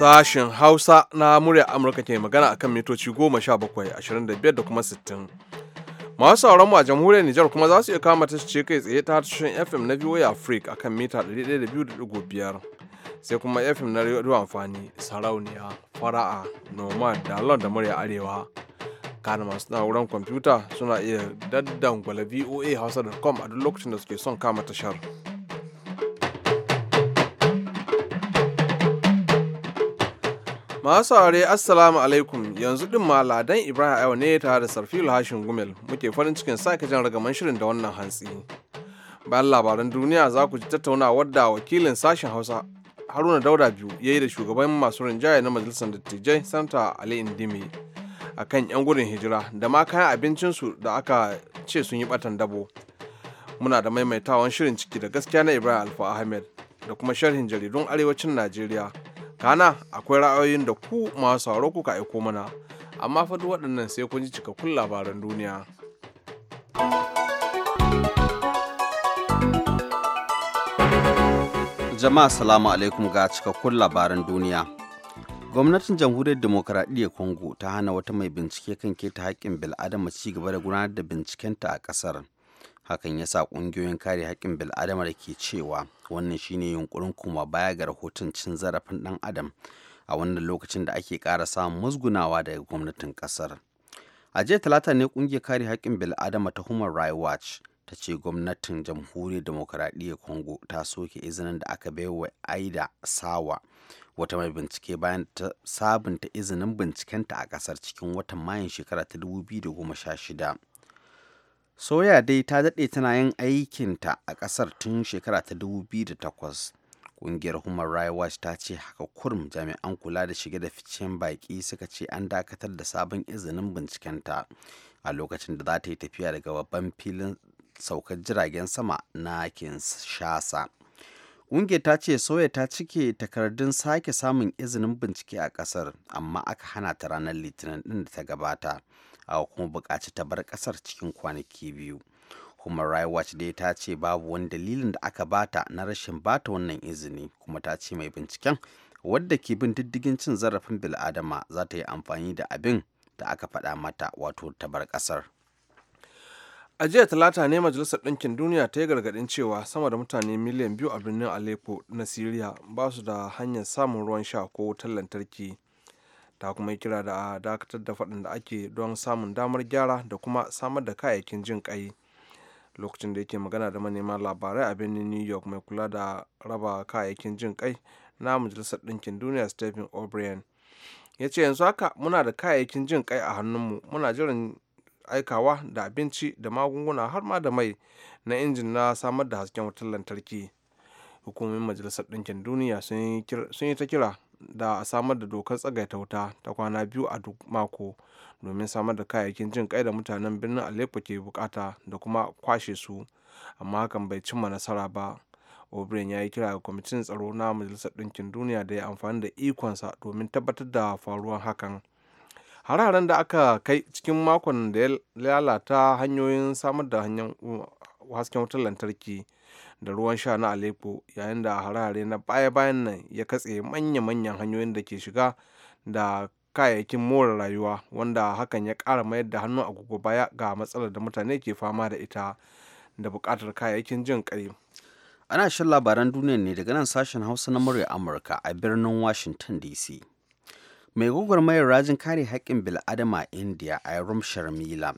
Sashen Hausa na murya Amurka ke magana akan mitoci goma sha bakwai ashirin da kuma sittin Masu sauran mu a jamhuriyar Nijar kuma za su iya kama ce kai tsaye ta tashoshin FM na VOA Africa akan mita 102.5 sai kuma FM na rediyo amfani sarauniya fara'a noma da da murya arewa kana masu wurin kwamfuta suna iya daddangwala voa hausa.com a duk lokacin da suke son kama tashar. Masu aure Assalamu alaikum yanzu din ma Ladan Ibrahim Ayo ne tare da Sarfil Hashin Gumel muke farin cikin sake jan ragaman shirin da wannan hantsi. Bayan labaran duniya za ku ji tattauna wadda wakilin sashen Hausa Haruna Dauda biyu ya yi da shugaban masu rinjaye na majalisar dattijai Santa Ali Indimi a kan 'yan gudun hijira da ma kayan abincinsu da aka ce sun yi batan dabo. Muna da maimaitawan shirin ciki da gaskiya na Ibrahim Alfa Ahmed da kuma sharhin jaridun arewacin Najeriya. kana akwai ra'ayoyin da ku masu sauro kuka aiko mana amma fa duk waɗannan sai kun ji cikakkun labaran duniya jama'a salamu alaikum ga cikakkun labaran duniya gwamnatin jamhuriyar demokaradiyyar congo ta hana wata mai bincike kan keta haƙƙin bil'adama ci gaba da gudanar da bincikenta a ƙasar hakan ya sa ƙungiyoyin kare haƙƙin bil'adama da ke cewa wannan shine yunkurin kuma baya ga rahoton cin zarafin ɗan adam a wannan lokacin da ake ƙara samun musgunawa daga gwamnatin ƙasar a jiya talata ne ƙungiyar kare haƙƙin bil'adama ta human rights watch ta ce gwamnatin jamhuriyar demokuraɗiyyar congo ta soke izinin da aka bai wa aida sawa wata mai bincike bayan ta sabunta izinin bincikenta a ƙasar cikin watan mayan shekara ta 2016 soya dai ta daɗe tana yin aikinta a ƙasar tun shekara ta 2008 ƙungiyar human rights watch ta ce haka kurum jami'an kula da shige da ficen baƙi suka ce an dakatar da sabon izinin bincikenta a lokacin da za ta yi tafiya daga babban filin saukar jiragen sama na shasa ƙungiyar ta ce soya ta cike takardun sake samun izinin bincike a ƙasar amma aka hana ta ranar litinin ɗin da ta gabata aka kuma bukaci ta bar ƙasar cikin kwanaki biyu human rights watch dai ta ce babu wani dalilin da aka bata na rashin bata wannan izini kuma ta ce mai binciken wadda ke bin diddigin cin zarafin bil'adama za ta yi amfani da abin da aka faɗa mata wato ta bar kasar a jiya talata ne majalisar ɗinkin duniya ta yi gargaɗin cewa sama da mutane miliyan biyu a birnin aleppo na syria ba su da hanyar samun ruwan sha ko wutar lantarki ta kuma yi kira da a dakatar da faɗin da ake don samun damar gyara da kuma samar da kayayyakin jin ƙai lokacin da yake magana da manema labarai a birnin new york mai kula da raba kayayyakin jin ƙai na majalisar ɗinkin duniya stephen o'brien ya ce yanzu haka muna da kayayyakin jin ƙai a hannunmu muna jiran aikawa da abinci da magunguna har ma da mai na injin na samar da hasken wutar lantarki hukumomin majalisar ɗinkin duniya sun yi ta kira da a samar da dokar tsagaita wuta ta kwana biyu a duk mako domin samar da kayayyakin jin kai da mutanen birnin aleppo ke bukata da kuma kwashe su amma hakan bai cimma nasara ba o'brien ya yi kira ga kwamitin tsaro na majalisar ɗinkin duniya da ya amfani da ikonsa domin tabbatar da faruwar hakan hararen da aka kai cikin makon da ya lalata hanyoyin samar da hasken wutar lantarki da ruwan sha na aleppo yayin da harare na baya-bayan nan ya katse manya-manyan hanyoyin da ke shiga da kayayyakin more rayuwa wanda hakan ya ƙara mayar da hannu agogo baya ga matsalar da mutane ke fama da ita da buƙatar kayayyakin jin kai. ana shan labaran duniya ne daga nan sashen hausa na murya amurka a birnin washington dc mai gwagwarmayar rajin kare haƙƙin bil'adama a india ayram sharmila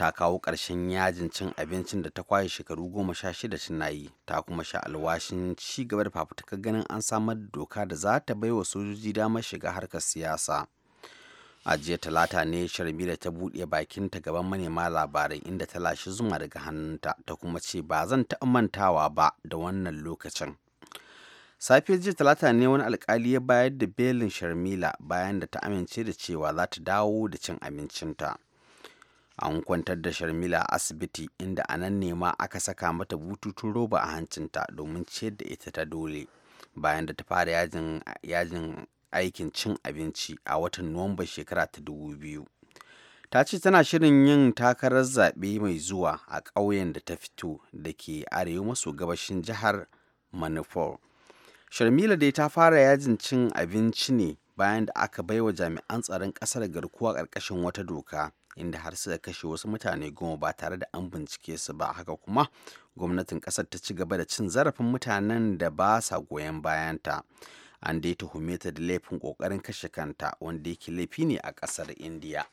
ta kawo ƙarshen yajin cin abincin da ta kwaye shekaru goma sha shida tana yi ta kuma sha alwashin ci gaba da fafutuka ganin an samar da doka da za ta baiwa sojoji damar shiga harkar siyasa a jiya talata ne sharmila ta buɗe bakinta gaban manema labarai inda ta lashe zuma daga hannunta ta kuma ce ba zan ta mantawa ba da wannan lokacin safiyar jiya talata ne wani alkali ya bayar da belin sharmila bayan da ta amince da cewa za ta dawo da cin abincinta an kwantar da sharmila a asibiti inda a nan nema aka saka mata bututun roba a hancinta domin ciyar da ita ta dole bayan da ta fara yajin aikin cin abinci a watan nuwamba shekara ta dubu ta ce tana shirin yin takarar zaɓe mai zuwa a ƙauyen da ta fito da ke arewa maso gabashin jihar Manufor. sharmila dai ta fara yajin cin abinci ne bayan da aka baiwa jami'an tsaron ƙasar garkuwa ƙarƙashin wata doka inda har suka kashe wasu mutane goma ba tare da an bincike su ba haka kuma gwamnatin kasar ta ci gaba da cin zarafin mutanen da ba sa goyon bayanta an dai tuhume ta da laifin kokarin kashe kanta wanda yake laifi ne a kasar indiya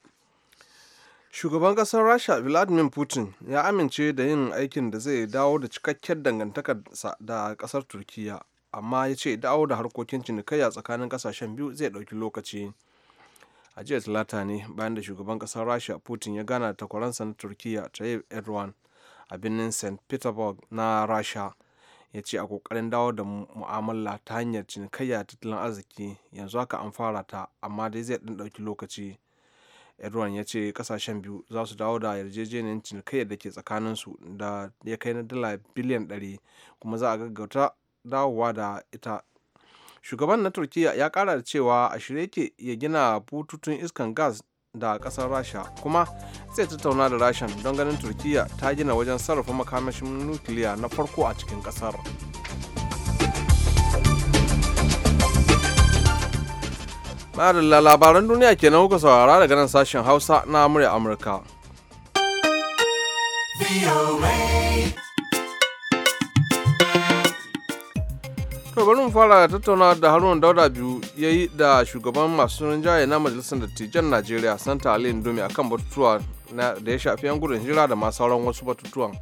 shugaban kasar rasha vladimir putin ya amince da yin aikin da zai dawo da cikakkiyar dangantakarsa da kasar turkiyya amma ya ce dawo da harkokin cinikayya tsakanin kasashen biyu zai ɗauki lokaci a jiya talata ne bayan da shugaban kasar rasha putin ya gana da takwaransa na turkiya tayyip erdogan a birnin st petersburg na rasha ya ce a kokarin dawo da mu'amala ta hanyar cinikayya tattalin arziki yanzu haka an fara ta amma dai zai ɗan ɗauki lokaci erdogan ya ce kasashen biyu za su dawo da yarjejeniyar cinikayya da ke tsakaninsu da ya kai na dala biliyan 100 kuma za a gaggauta dawowa da ita shugaban na turkiya ya kara da cewa a shirye yake ya gina bututun iskan gas da kasar rasha kuma zai tattauna da rashan don ganin turkiya ta gina wajen sarrafa makamashin nukiliya na farko a cikin kasar madalla labaran duniya kenan kuka saurara daga nan sashen hausa na murya amurka VOA. To bari mu fara tattauna da Haruna Dauda biyu ya yi da shugaban masu rinjaye na Majalisar Dattijan Najeriya Santa Ali Ndomi akan batutuwa da ya shafi yan gudun hijira da ma sauran wasu batutuwan.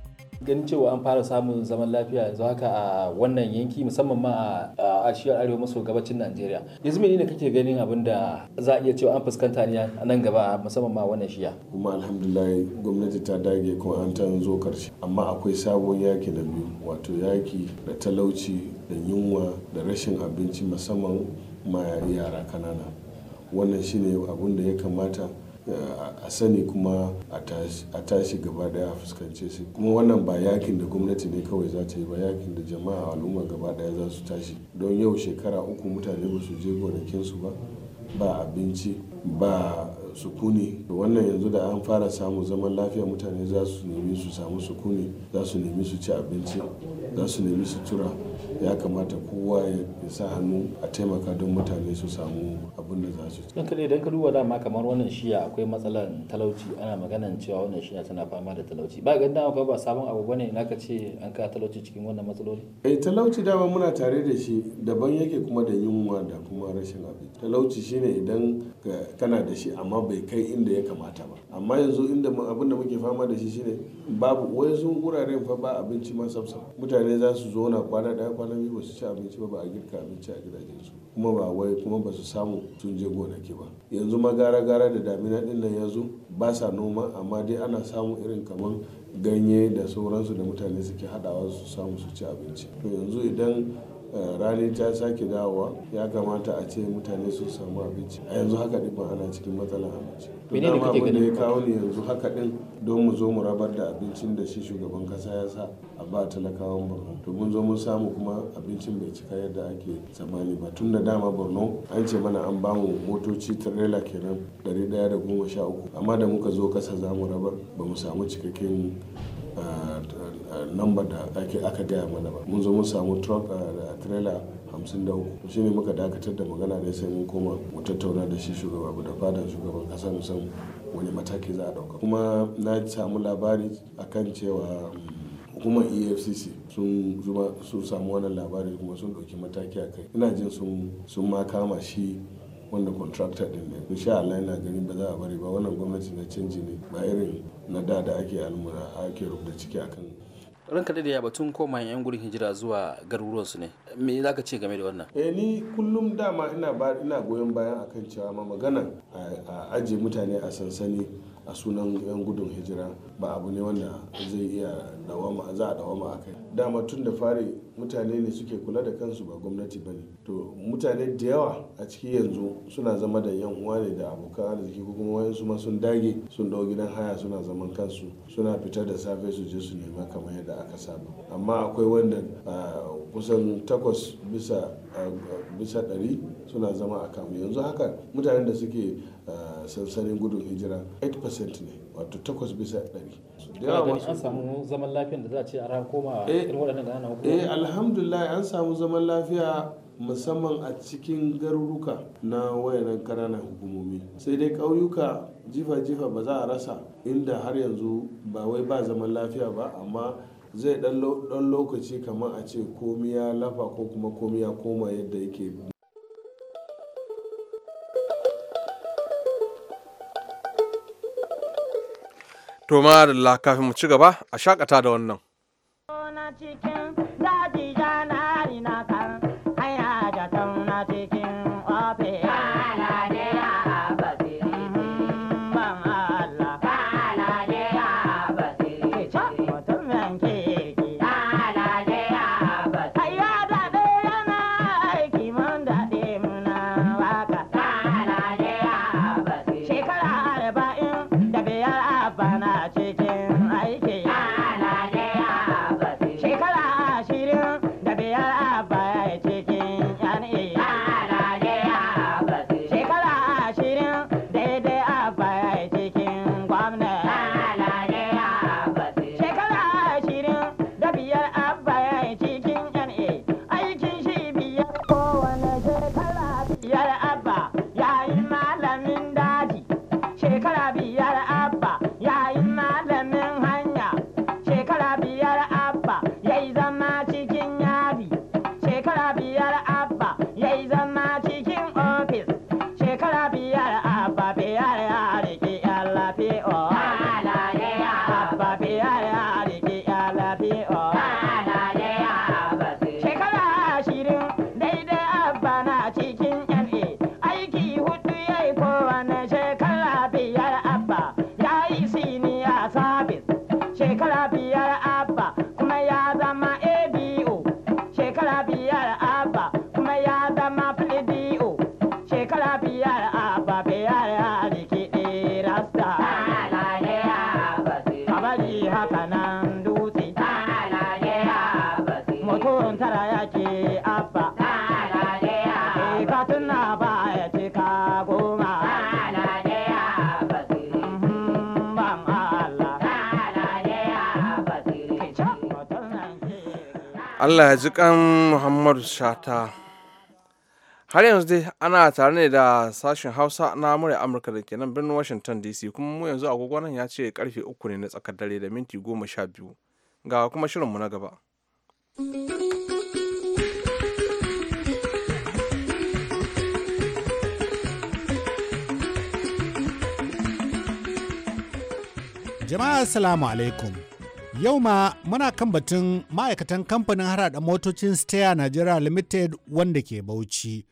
ganin cewa an fara samun zaman lafiya yanzu haka a wannan yanki musamman ma a ashiyar arewa maso gabacin najeriya yanzu mene ne kake ganin abin da za a iya cewa an fuskanta ne a nan gaba musamman ma wannan shiya kuma alhamdulillah gwamnati ta dage kuma an ta zo karshe amma akwai sabon yaki na biyu wato yaki da talauci da yunwa da rashin abinci musamman ma yara kanana wannan shine abun da ya kamata eh, a sani kuma a tashi gaba daya a fuskance su kuma wannan ba yakin da gwamnati ne kawai za ta yi ba yakin da jama'a al'umma gaba daya za su tashi don yau shekara uku mutane ba su je gonakinsu ba ba abinci ba sukuni wannan yanzu da an fara samu zaman lafiya mutane za su nemi su samu sukuni za su nemi su ci abinci za su nemi sutura ya kamata kowa ya sa hannu a taimaka don mutane su samu abin da za su ci. Don kaɗai don ka duba dama kamar wannan shiya akwai matsalar talauci ana maganan cewa wannan shiya tana fama da talauci ba ga dama ba sabon abu bane na ka ce an ka talauci cikin wannan matsaloli. Eh talauci dama muna tare da shi daban yake kuma da yunwa da kuma rashin abinci. Talauci shine idan kana da shi amma bai kai inda ya kamata ba amma yanzu inda abin da muke fama da shi shine babu wai sun wuraren fa ba abinci ma sabsab mutane za su zo na kwana daya kwana biyu ba su ci abinci ba ba a girka abinci a gidajen su kuma ba wai kuma ba su samu sun je gonaki ba yanzu ma gara gara da damina din nan ya zo ba sa noma amma dai ana samu irin kaman ganye da sauransu da mutane suke hadawa su samu su ci abinci to yanzu idan Eh, rani ta sake dawowa ya kamata a ce mutane su samu abinci a yanzu haka din ana cikin matsalar abinci to dama abin da ya kawo ni yanzu haka ɗin don mu zo mu rabar da abincin da shi shugaban kasa ya sa a ba talakawan borno to mun zo mun samu kuma abincin bai cika yadda ake tsammani ba tun da dama borno an ce mana an ba mu motoci trailer kenan 113 amma da muka zo kasa za mu rabar ba mu samu cikakken lambar da ake aka gaya mana ba mun zo mun samu truck da trailer hamsin da uku shi ne muka dakatar da magana ya sai mun koma mu tattauna da shi shugaba da fadar shugaban kasa mu san wani mataki za a dauka kuma na samu labari akan cewa mm, hukumar efcc sun zuma sun samu wannan labari kuma sun ɗauki mataki a kai ina jin sun ma kama shi wanda contractor din ne insha Allah yana ganin ba za a bari ba wannan gwamnati na canji ne ba irin na da da ake almura ake rubuta ciki akan ranka da ya batun koma yan gurin hijira zuwa garuruwan su ne me zaka ce game da wannan eh ni kullum dama ina ina goyon bayan akan cewa ma magana a aje mutane a sansani a sunan 'yan gudun hijira ba abu ne wanda zai iya dawama za a dawama a kai dama tun da fari mutane ne suke kula da kansu ba gwamnati ba ne to mutane da yawa a ciki yanzu suna zama da yan uwa ne da abokan arziki ko kuma wayansu ma sun dage sun dau gidan haya suna zaman kansu suna fita da safe su je su nema kamar yadda aka saba amma akwai wanda ah, kusan takwas bisa bisa ɗari suna zama a kamu yanzu haka mutanen da suke sansanin gudun hijira 8% ne wato 8 bisa ɗari da an samu zaman lafiyan da za a ce a koma eh, irin waɗannan ƙananan hukuma. eh alhamdulillah an samu zaman lafiya musamman a cikin garuruka na wayanan ƙananan hukumomi sai dai ƙauyuka jifa-jifa ba za a rasa inda har yanzu ba wai ba zaman lafiya ba amma zai ɗan lokaci kamar a ce komi ya lafa ko kuma komi ya koma yadda yake to ma da kafin mu ci gaba a shakata da wannan allah ya ji kan muhammadu shata har yanzu dai ana tare ne da sashen hausa na murya amurka da ke nan birnin washington dc kuma mu yanzu agogo nan ya ce karfe uku ne na tsakar dare da minti goma sha biyu ga kuma shirin mu na gaba jama'a assalamu alaikum Yau ma muna kan batun ma'aikatan kamfanin harada motocin Steya Nigeria Limited wanda ke Bauchi,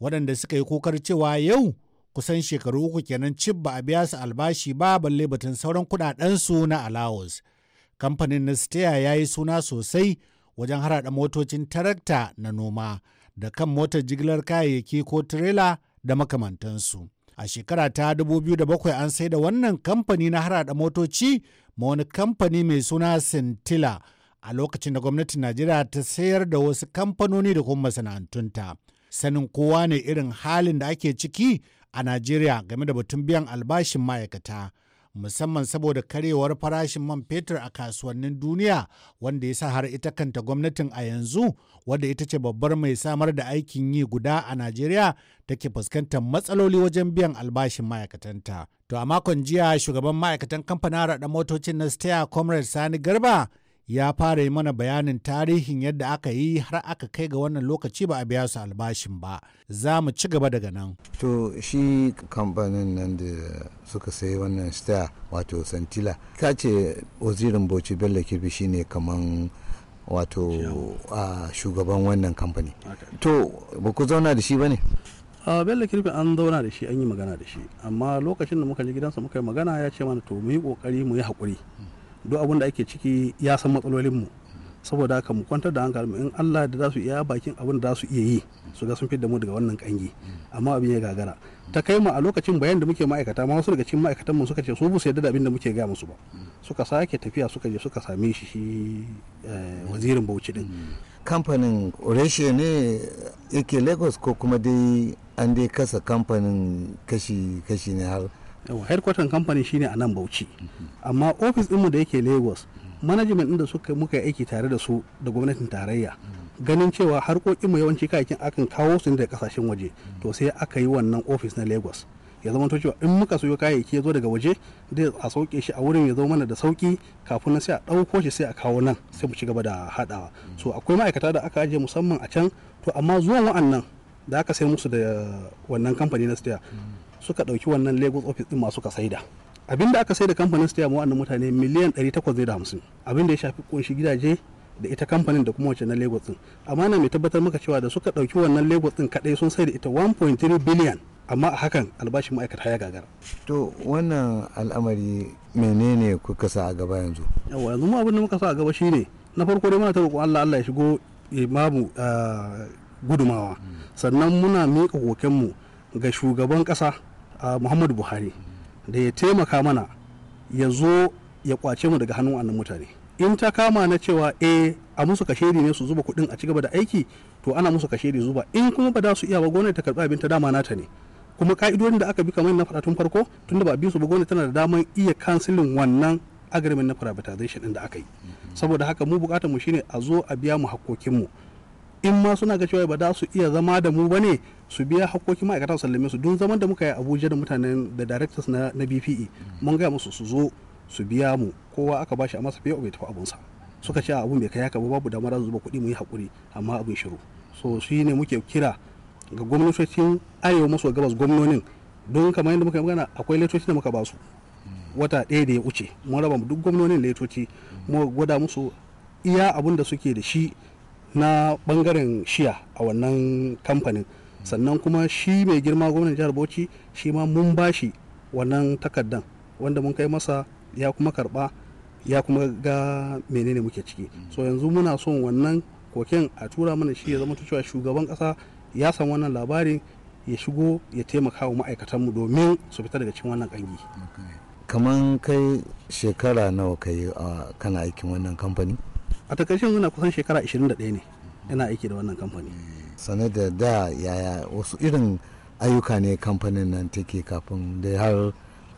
waɗanda suka yi kokar cewa yau kusan shekaru uku kenan cib ba a biya su albashi ba balle batun sauran kuɗaɗensu na allowance. Kamfanin na Steya ya yi suna sosai wajen harada motocin tarakta na noma da kan motar jigilar kayayyaki ko tirela da makamantansu. A shekara ta 2007 an sai da wannan kamfani na harada motoci ma wani kamfani mai suna Sintila a lokacin da gwamnatin Najeriya ta sayar da wasu kamfanoni da kuma masana'antunta. Sanin kowa ne irin halin da ake ciki a Najeriya game da batun biyan albashin ma'aikata. musamman saboda karewar farashin man fetur a kasuwannin duniya wanda ya sa har ita kanta gwamnatin a yanzu wadda ita ce babbar mai samar da aikin yi guda a najeriya take fuskantar matsaloli wajen biyan albashin ma'aikatanta To a makon jiya shugaban ma'aikatan kamfanin raɗa motocin na Steya Comrade Sani Garba ya fara yi mana bayanin tarihin yadda aka yi har aka kai ga wannan lokaci ba a biya su albashin ba. Za mu ci gaba daga nan. To shi kamfanin nan da suka sayi wannan Steya wato Santila. Ka ce wazirin Bauchi Bello Kirbi shine kaman wato shugaban wannan kamfani. To ba ku zauna da shi ba ne? a bello kirfi an zauna da shi an yi magana da shi amma lokacin da muka je gidansa muka yi magana ya ce mana to mu yi kokari mu yi hakuri duk abin da ake ciki ya san matsalolin mu saboda haka mu kwantar da hankali in Allah da za su iya bakin abin da za su iya yi su ga sun fitar da mu daga wannan kangi amma abin ya gagara ta kai mu a lokacin bayan da muke ma'aikata ma wasu daga cikin ma'aikatan mu suka ce su busa yadda da abin da muke ga musu ba suka sake tafiya suka je suka same shi shi eh, wazirin Bauchi din kamfanin Oreshe ne yake Lagos ko kuma dai an dai kasa kamfanin kashi-kashi ne har headquarter kamfanin shine a nan bauchi amma ofis ɗinmu da yake lagos management inda da suka muka yi aiki tare da su da gwamnatin tarayya ganin cewa har harkokinmu yawanci kayakin akan kawo su ne daga kasashen waje to sai aka yi wannan ofis na lagos ya zama cewa in muka soyo kayayyaki ya zo daga waje dai a sauke shi a wurin ya zo mana da sauki kafin na sai a ɗauko shi sai a kawo nan sai mu ci gaba da haɗawa so akwai ma'aikata da aka ajiye musamman a can to amma zuwan wa'annan da aka sai musu da wannan kamfani na steya suka ɗauki wannan lagos office din masu ka saida abinda aka sai da kamfanin steya ma wannan mutane miliyan 850 abinda ya shafi kunshi gidaje da ita kamfanin da kuma wacce na lagos din amma na mai tabbatar maka cewa da suka ɗauki wannan lagos din kadai sun sai da ita 1.3 biliyan amma a hakan albashin ma'aikata ya gagara to wannan al'amari menene kuka sa a gaba yanzu yawa yanzu mu abin da muka sa a gaba shine na farko dai muna ta roƙon Allah Allah ya shigo imamu gudumawa sannan muna miƙa kokenmu ga shugaban ƙasa muhammadu buhari da ya taimaka mana ya zo ya kwace mu daga hannun wannan mutane in ta kama na cewa e, a musu kashedi ne su zuba kuɗin a cigaba da aiki to ana musu kashedi zuba in kuma ba za su iya ba gwamnati ta karɓi abin ta dama nata ne kuma ka'idodin da aka bi kamar na faɗa tun farko tunda ba a bi su ba gwamnati tana da damar iya kansilin wannan agreement na privatization din da aka yi saboda haka mu bukatar mu shine a zo a biya mu hakkokin mu in ma suna ga cewa ba za su iya zama da mu ba ne su biya hakokin ma'aikatan sallame su don zaman da muka yi abuja da mutanen da directors na, na bpe mun gaya musu su zo su biya mu kowa aka bashi a masa fiye bai tafi abunsa suka ce abun bai kai haka ba babu damar zuba kuɗi mu yi hakuri amma abin shiru so shi ne muke kira ga gwamnatocin arewa maso gabas gwamnonin don kamar yadda muka yi magana akwai letoci da muka basu wata ɗaya da ya wuce mun raba duk gwamnonin letoci mu gwada musu iya abun da suke da shi na bangaren shiya a wannan kamfanin sannan kuma shi mai girma gwamnan jihar bauchi shi ma mun ba shi wannan takardan wanda mun kai masa ya kuma karba ya kuma ga menene muke ciki so yanzu muna son wannan koken a tura mana shi ya zama cewa shugaban kasa ya san wannan labarin ya shigo ya taimaka wa ma'aikatanmu domin su fita daga cikin wannan kangi kaman kai shekara nawa kai kana aikin wannan kamfani a takaice muna kusan shekara 21 ne yana aiki da wannan kamfani sane da da yaya wasu irin ayyuka ne kamfanin nan take kafin da har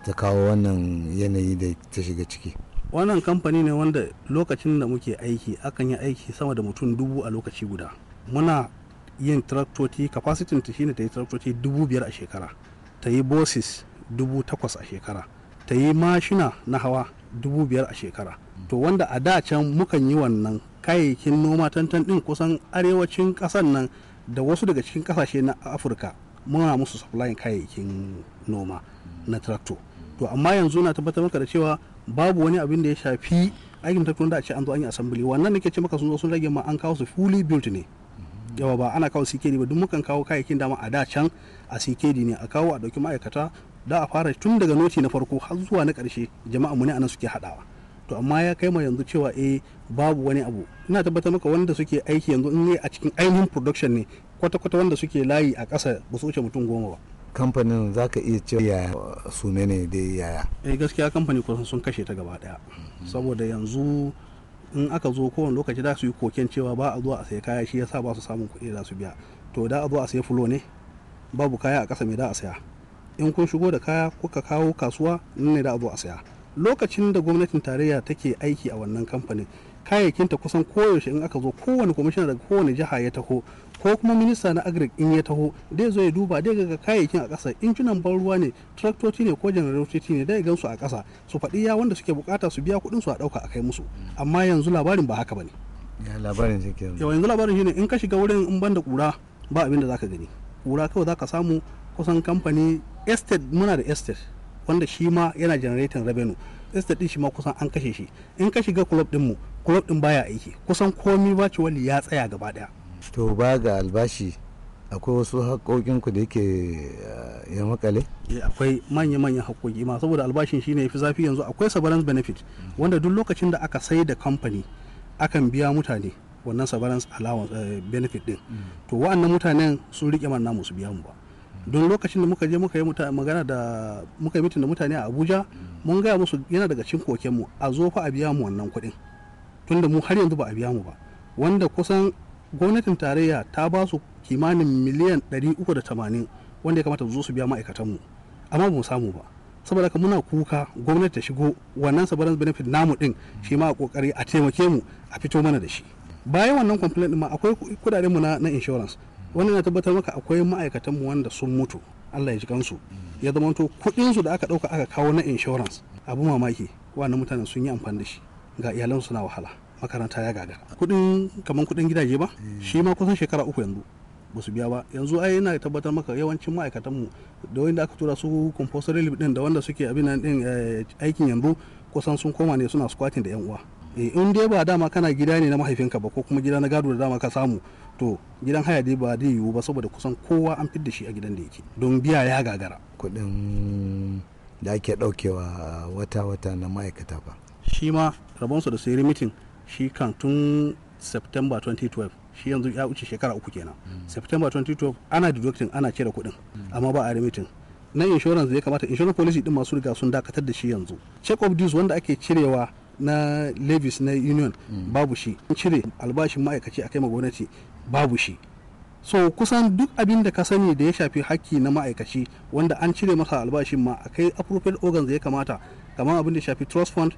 ta kawo wannan yanayi da ta shiga ciki wannan kamfani ne wanda lokacin da muke aiki akan yi aiki sama da mutum dubu a lokaci guda muna yin traktoci capacity ta shine ta yi traktoci dubu biyar a shekara ta yi bosses dubu takwas a shekara ta yi mashina na hawa dubu biyar a shekara to wanda a da can mukan yi wannan kayayyakin noma tantan din kusan arewacin ƙasar nan da wasu daga cikin ƙasashe na afirka muna musu supplying kayayyakin noma na tractor to amma yanzu na tabbatar maka da cewa babu wani abin da ya shafi aikin tractor da a ce an zo an yi assembly wannan nake ce maka sun zo sun rage ma an kawo su fully built ne yawa ba ana kawo CKD ba duk mukan kawo kayayyakin dama a da can a CKD ne a kawo a dauki ma'aikata da a fara tun daga noti na farko har zuwa na karshe jama'a mu ne anan suke haɗawa to amma ya kai ma yanzu cewa eh babu wani abu ina tabbatar maka wanda suke aiki yanzu in a cikin ainihin production ne kwata-kwata wanda suke layi a ƙasa ba su wuce mutum goma ba kamfanin za ka iya cewa yaya su ne dai yaya eh gaskiya kamfani kusan sun kashe ta gaba daya mhm. saboda yanzu in aka zo kowane lokaci za su yi koken cewa ba a zuwa a sayi kaya shi yasa ba su samun kuɗi za su biya to da a zo a sayi fulo ne babu kaya a ƙasa mai da a saya in kun shigo da kaya kuka kawo kasuwa ne da a zo a saya lokacin da gwamnatin tarayya take aiki a wannan kamfanin kayayyakin ta kusan koyaushe in aka zo kowane kwamishina daga kowane jiha ya taho ko kuma minista na agric in ya taho dai zo ya duba dai ga kayayyakin a ƙasa injunan ban ruwa ne traktoci ne ko janarotoci ne dai gansu a ƙasa su faɗi ya wanda suke bukata su biya kuɗin su a ɗauka a kai musu amma yanzu labarin ba haka bane ya labarin ke yanzu labarin shine in ka shiga wurin in banda kura ba abin da zaka gani kura kawai zaka samu kusan kamfani estate muna da estate wanda shi ma yana generating revenue estate din shi ma kusan an kashe shi in ka shiga club din mu club din baya aiki kusan komi ba wali ya tsaya gaba daya to ba ga albashi akwai wasu haƙoƙin ku da yake eh, ya makale eh, akwai manya manyan haƙoƙi ma saboda albashin shine fi zafi yanzu akwai severance benefit wanda duk lokacin da aka sai da kamfani akan biya mutane wannan severance allowance eh, benefit din mm. to wa'annan mutanen sun rike man namu su biya mu ba don lokacin da muka je muka yi magana da muka yi da mutane a abuja mun gaya musu yana daga cikin kokenmu a zo fa a biya mu wannan kuɗin tunda mu har yanzu ba a biya mu ba wanda kusan gwamnatin tarayya ta ba su kimanin miliyan 380 wanda ya kamata zo su biya ma'aikatanmu amma ba mu samu ba saboda haka muna kuka gwamnati ta shigo wannan sabarin benefit namu din shi ma a kokari a taimake mu a fito mana da shi bayan wannan complaint ma akwai kudaden mu na insurance wannan na tabbatar maka akwai ma'aikatan mu wanda sun mutu Allah ya ji kansu ya zama to kuɗin su da aka ɗauka aka kawo na insurance abu mamaki wannan mutanen sun yi amfani da shi ga iyalansu na wahala makaranta ya gaga kuɗin kaman kuɗin gidaje ba eh. shi ma kusan shekara uku yanzu ba su biya ba yanzu ai ina tabbatar maka yawancin ma'aikatan mu da wanda aka tura su compulsory leave din da wanda suke abin nan din eh, aikin yanzu kusan sun koma ne suna squatting da yan uwa eh, in dai ba dama kana gida ne na mahaifinka ba ko kuma gida na gado da dama ka samu to gidan haya dai ba zai yiwu ba saboda kusan kowa an fidda shi a gidan da yake don biya ya gagara kuɗin da ake ɗaukewa wata-wata na ma'aikata ba shi ma rabonsu da sai rimitin shi kan tun september 2012 shi yanzu ya wuce shekara uku kenan hmm. september 2012 ana deducting ana cire kuɗin amma ba a rimitin na insurance ya kamata inshoran policy din masu riga sun dakatar da shi yanzu check of dues wanda ake cirewa na levis na union mm. babu shi cire albashin ma'aikaci a kai ma gwamnati babu shi so kusan duk abin da ka sani da ya shafi hakki na ma'aikaci wanda an cire masa albashin ma a kai appropriate organs ya kamata kamar abin da ya shafi trust fund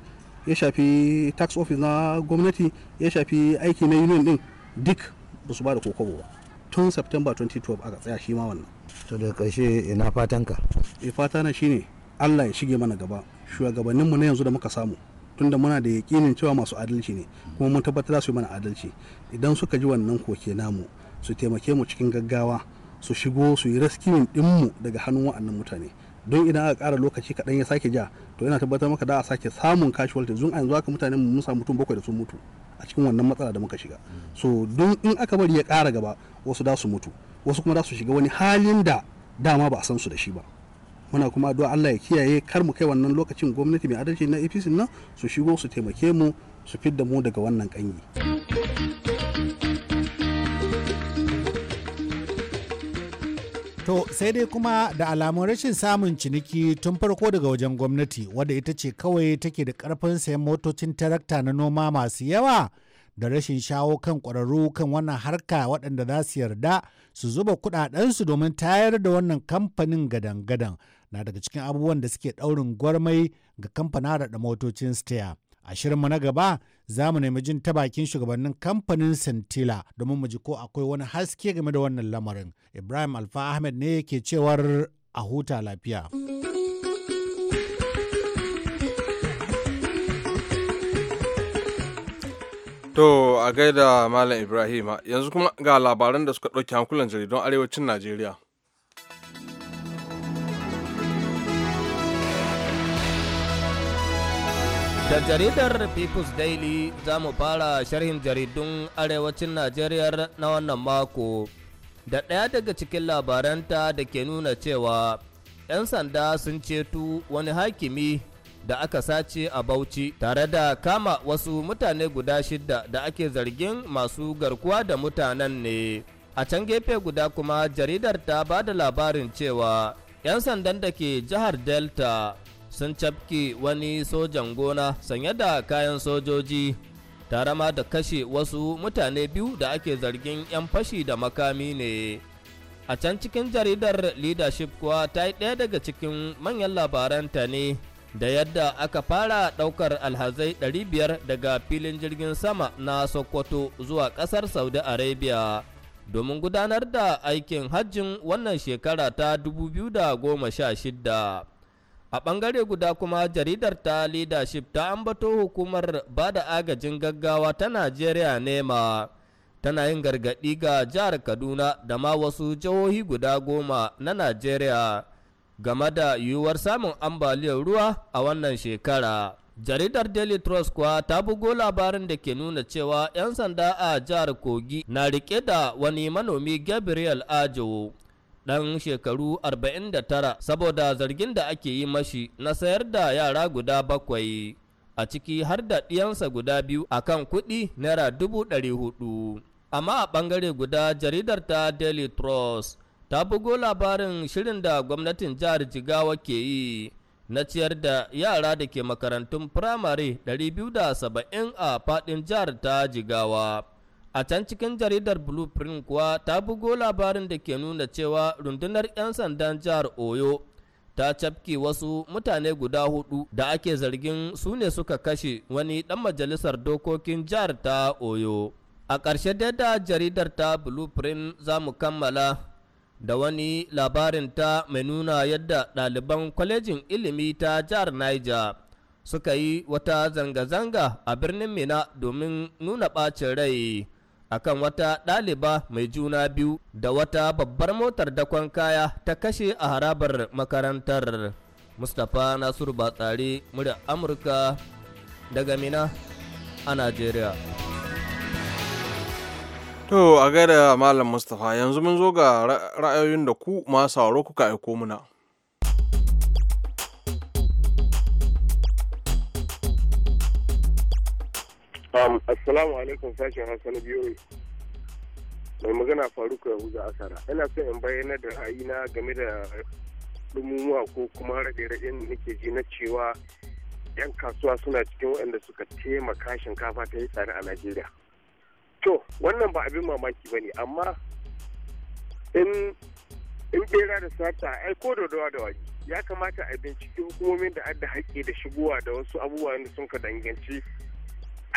ya shafi tax office na gwamnati ya shafi aiki na union din duk ba su ba da kokobo ba tun september 2012 aka tsaya shi ma wannan to da karshe ina fatanka e eh, fata na shine allah ya shige mana gaba shugabanninmu na yanzu da muka samu tunda muna da yakinin cewa masu adalci ne kuma mun tabbatar su yi mana adalci idan suka ji wannan koke namu su taimake mu cikin gaggawa su shigo su yi raskinin dinmu daga hannun wa'annan mutane don idan aka ƙara lokaci kaɗan ya sake ja to ina tabbatar maka da a sake samun casualty zun a yanzu haka mutane mun samu mutum bakwai da sun mutu a cikin wannan matsala da muka shiga so don in aka bari ya ƙara gaba wasu da su mutu wasu kuma za su shiga wani halin da dama ba a san su da shi ba muna kuma addu'a Allah ya kiyaye kar mu kai wannan lokacin gwamnati mai adalci na APC nan su shigo su taimake mu su fidda mu daga wannan kanyi. To sai dai kuma da alamun rashin samun ciniki tun farko daga wajen gwamnati wadda ita ce kawai take da karfin sayan motocin tarakta na noma masu yawa da rashin shawo kan ƙwararru kan wannan harka waɗanda za su yarda su zuba kuɗaɗensu domin tayar da wannan kamfanin gadan-gadan na daga cikin abubuwan da suke daurin gwarmai ga kamfanin raɗa motocin steya. A shirin mu na gaba za mu nemi jin ta bakin shugabannin kamfanin sintila domin mu ji ko akwai wani haske game da wannan lamarin. Ibrahim Alfa Ahmed ne yake cewar a huta lafiya. To a gaida Malam Ibrahim yanzu kuma ga labaran da suka ɗauki hankulan jaridun arewacin Najeriya. Da jaridar People's Daily za mu fara sharhin jaridun arewacin Najeriya na wannan mako. Da ɗaya daga cikin labaranta da ke nuna cewa 'yan sanda sun ceto wani hakimi da aka sace a Bauchi tare da kama wasu mutane guda shidda da ake zargin masu garkuwa da mutanen ne. A can gefe guda kuma jaridar ta ba da labarin cewa 'yan sandan da ke jihar Delta sun cafke wani sojan gona sanye da kayan sojoji tare ma da kashe wasu mutane biyu da ake zargin 'yan fashi da makami ne a can cikin jaridar leadership kuwa ta yi ɗaya daga cikin manyan labaranta ne da yadda aka fara ɗaukar alhazai 500 daga filin jirgin sama na sokoto zuwa ƙasar saudi arabia domin gudanar da aikin hajjin wannan shekara ta 2016 a ɓangare guda kuma jaridar ta leadership ta ambato hukumar ba da agajin gaggawa ta najeriya nema tana yin gargaɗi ga jihar kaduna da ma wasu jihohi guda goma na najeriya game da yiwuwar samun ambaliyar ruwa a wannan shekara jaridar daily trust kuwa ta bugo labarin da ke nuna cewa 'yan sanda a jihar kogi na rike da wani manomi gabriel ajo ɗan shekaru 49 saboda zargin da ake yi mashi na sayar da yara guda bakwai a ciki har da ɗiyansa guda biyu a kan kuɗi naira dubu ɗari hudu. Amma a ɓangare guda jaridar ta Daily Trust ta bugo labarin shirin da gwamnatin jihar Jigawa ke yi na ciyar da yara da ke makarantun firamare 270 a faɗin jihar ta Jigawa. A can cikin jaridar Blueprint kuwa ta bugo labarin da ke nuna cewa rundunar 'yan sandan jihar Oyo ta cafke wasu mutane guda hudu da ake zargin su ne suka kashe wani dan majalisar dokokin jihar ta Oyo. A ƙarshe dai da jaridar ta Blueprint za mu kammala da wani labarin ta mai nuna yadda ɗaliban kwalejin ilimi ta jihar Niger suka yi wata zanga-zanga a birnin Mina domin nuna ɓacin rai. akan wata ɗaliba mai juna biyu da wata babbar motar dakon kaya ta kashe a harabar makarantar mustapha nasiru batsari murya amurka daga mina a najeriya to a gaida malam mustapha yanzu mun zo ga ra'ayoyin da ku masu sauro kuka aiko muna Assalamu alaikum sashen Hausa na mai magana Faruk Yahuza Asara. Ina son in bayyana da ra'ayina game da dumumuwa ko kuma rade-raden nake ji na cewa 'yan kasuwa suna cikin waɗanda suka taimaka shinkafa ta yi tsari a Najeriya. To, wannan ba abin mamaki ba ne, amma in in bera da sata ai ko da dawa da waje ya kamata a binciki hukumomin da adda haƙƙi da shigowa da wasu abubuwan da sun ka danganci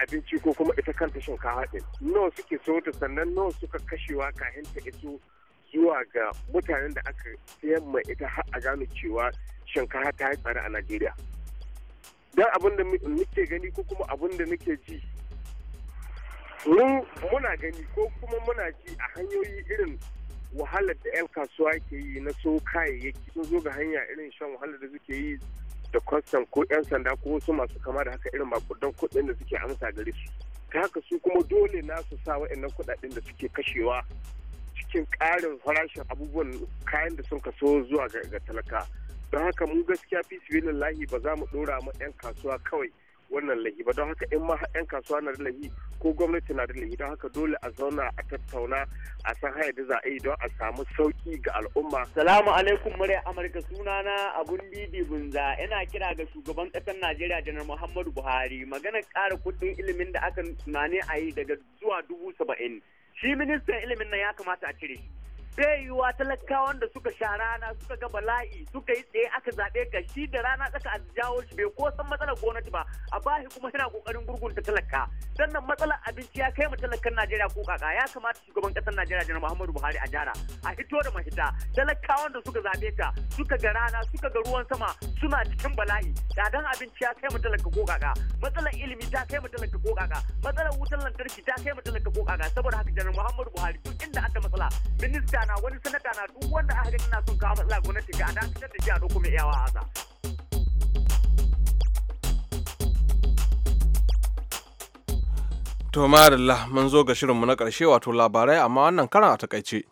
abinci ko kuma ita kanta shinkafa ɗin nawa suke so ta sannan nawa suka kashewa kayan ta iso zuwa ga mutanen da aka sayan mai ita har a gano cewa shinkafa ta tsare a najeriya don abin da nake gani ko kuma abin da nake ji muna gani ko kuma muna ji a hanyoyi irin wahalar da 'yan kasuwa ke yi na so kayayyaki sun zo ga hanya irin shan wahalar da suke yi da kwastam ko 'yan sanda ko wasu masu kama da haka irin makudan kuɗin da suke amsa gare su ta haka su kuma dole na su sa wa'annan kudaden da suke kashewa cikin karin farashin abubuwan kayan da sun kaso zuwa ga talaka don haka mu gaskiya fi lahi ba za mu ɗora mu 'yan kasuwa kawai wannan lahi ba don haka in ma 'yan kasuwa na da lahi ko gwamnati na da lahi don haka dole a zauna a tattauna a san haya da za a yi don a samu sauki ga al'umma. Salamu alaikum murya Amurka sunana abun didi bunza ina kira ga shugaban ƙasar Najeriya janar Muhammadu Buhari magana ƙara kuɗin ilimin da aka tunani a yi daga zuwa dubu saba'in. Shi ministan ilimin nan ya kamata a cire shi. bai yiwuwa talakawa da suka sha rana suka ga bala'i suka yi tsaye aka zaɓe ka shi da rana tsaka a jawo shi bai ko matsalar gwamnati ba a bashi kuma yana kokarin gurgunta talaka sannan matsalar abinci ya kai ma talakan Najeriya ko kaka ya kamata shugaban ƙasar Najeriya Janar Muhammadu Buhari a jara a hito da mahita talakawa da suka zaɓe ka suka ga rana suka ga ruwan sama suna cikin bala'i tsadan abinci ya kai ma talaka ko kaka matsalar ilimi ta kai ma talaka ko kaka matsalar wutar lantarki ta kai ma talaka ko kaka saboda haka Janar Muhammadu Buhari duk inda aka matsala minista na wani sanata na duk wanda aka gani na son kawo matsala gwamnati ga da fitar da shi a doko mai yawa a za. To madalla mun zo ga shirinmu na ƙarshe wato labarai amma wannan karan a takaice.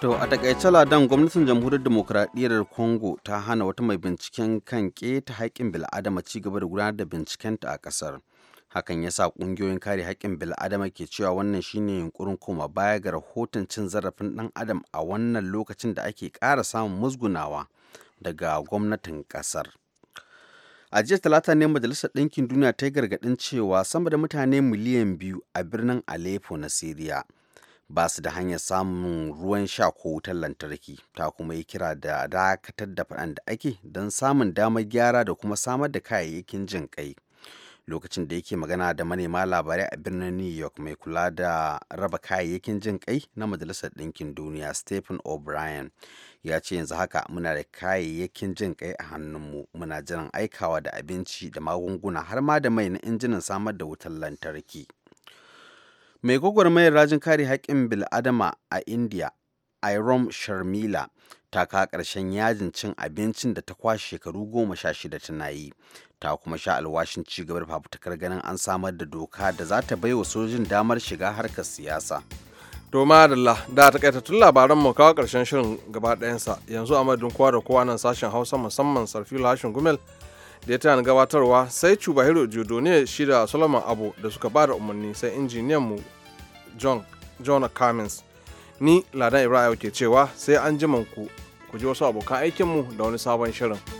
To a takaice ladan gwamnatin jamhuriyar demokuraɗiyyar Congo ta hana wata mai binciken kan keta haƙƙin bil'adama ci gaba da gudanar da bincikenta a ƙasar. hakan ya sa ƙungiyoyin kare haƙƙin bil'adama ke cewa wannan shine yunkurin koma baya ga rahoton cin zarafin ɗan adam a wannan lokacin da ake ƙara samun musgunawa daga gwamnatin ƙasar a jiya talata ne majalisar ɗinkin duniya ta yi gargaɗin cewa sama da mutane miliyan biyu a birnin aleppo na siriya ba su da hanyar samun ruwan sha ko wutar lantarki ta kuma yi kira da dakatar da faɗan da ake don samun damar gyara da kuma samar da kayayyakin jin ƙai lokacin da yake magana da manema labarai a birnin new york mai kula da raba kayayyakin jin kai na majalisar ɗinkin duniya stephen o'brien ya ce yanzu haka muna da kayayyakin jin kai a hannunmu muna jiran aikawa da abinci da magunguna har ma da mai na injinan samar da wutar lantarki mai gwagwarmayar rajin kare haƙƙin bil'adama a india irom sharmila ta ka ƙarshen yajin cin abincin da ta kwashe shekaru goma sha shida tana yi ta kuma sha alwashin ci gaba da fafutukar ganin an samar da doka da za ta bai wa sojin damar shiga harkar siyasa. To madalla da ta tun labaran mu kawo karshen shirin gaba ɗayansa yanzu a madadin kowa da kowa nan sashen Hausa musamman Sarfilu Hashin Gumel da ya tana gabatarwa sai Cuba Hiro Jodo ne shi da Solomon Abu da suka ba da umarni sai injiniyan mu John John ni ladan ibrahim ke cewa sai an ku ku ji wasu abokan aikinmu da wani sabon shirin.